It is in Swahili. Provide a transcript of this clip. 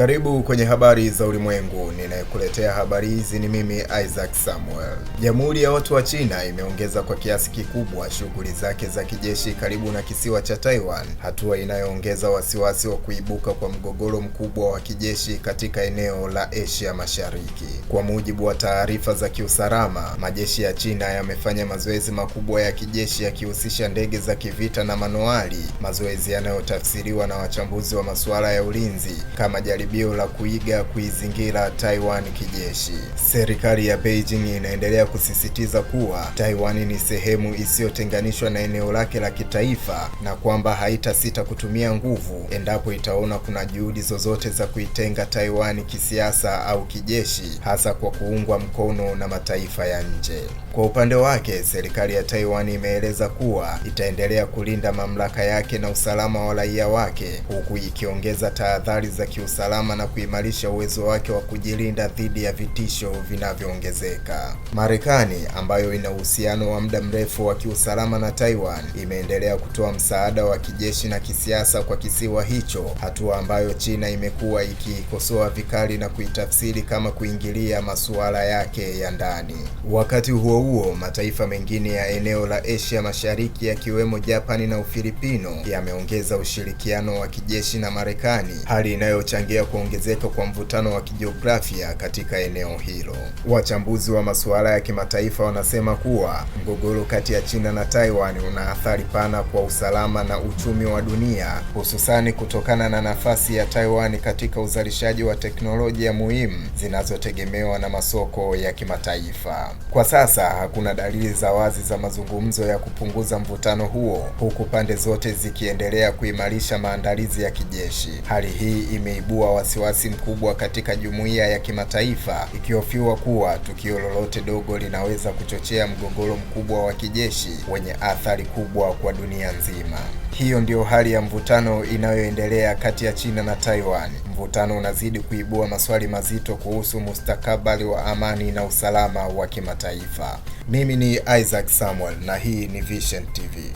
Karibu kwenye habari za ulimwengu. Ninayekuletea habari hizi ni mimi Isaac Samuel. Jamhuri ya Watu wa China imeongeza kwa kiasi kikubwa shughuli zake za kijeshi karibu na kisiwa cha Taiwan, hatua inayoongeza wasiwasi wa kuibuka kwa mgogoro mkubwa wa kijeshi katika eneo la Asia Mashariki. Kwa mujibu wa taarifa za kiusalama, majeshi ya China yamefanya mazoezi makubwa ya kijeshi yakihusisha ndege za kivita na manowari, mazoezi yanayotafsiriwa na wachambuzi wa masuala ya ulinzi kama jaribu jaribio la kuiga kuizingira Taiwan kijeshi. Serikali ya Beijing inaendelea kusisitiza kuwa Taiwan ni sehemu isiyotenganishwa na eneo lake la kitaifa na kwamba haitasita kutumia nguvu endapo itaona kuna juhudi zozote za kuitenga Taiwan kisiasa au kijeshi, hasa kwa kuungwa mkono na mataifa ya nje. Kwa upande wake, serikali ya Taiwan imeeleza kuwa itaendelea kulinda mamlaka yake na usalama wa raia wake huku ikiongeza tahadhari za kiusalama usalama na kuimarisha uwezo wake wa kujilinda dhidi ya vitisho vinavyoongezeka. Marekani ambayo ina uhusiano wa muda mrefu wa kiusalama na Taiwan imeendelea kutoa msaada wa kijeshi na kisiasa kwa kisiwa hicho, hatua ambayo China imekuwa ikiikosoa vikali na kuitafsiri kama kuingilia masuala yake ya ndani. Wakati huo huo, mataifa mengine ya eneo la Asia Mashariki yakiwemo Japani na Ufilipino yameongeza ushirikiano wa kijeshi na Marekani, hali inayochangia ya kuongezeka kwa mvutano wa kijiografia katika eneo hilo. Wachambuzi wa masuala ya kimataifa wanasema kuwa mgogoro kati ya China na Taiwan una athari pana kwa usalama na uchumi wa dunia, hususani kutokana na nafasi ya Taiwan katika uzalishaji wa teknolojia muhimu zinazotegemewa na masoko ya kimataifa. Kwa sasa hakuna dalili za wazi za mazungumzo ya kupunguza mvutano huo, huku pande zote zikiendelea kuimarisha maandalizi ya kijeshi. Hali hii imeibua wasiwasi mkubwa katika jumuiya ya kimataifa, ikihofiwa kuwa tukio lolote dogo linaweza kuchochea mgogoro mkubwa wa kijeshi wenye athari kubwa kwa dunia nzima. Hiyo ndiyo hali ya mvutano inayoendelea kati ya China na Taiwan. Mvutano unazidi kuibua maswali mazito kuhusu mustakabali wa amani na usalama wa kimataifa. Mimi ni Isaac Samuel na hii ni Vision TV.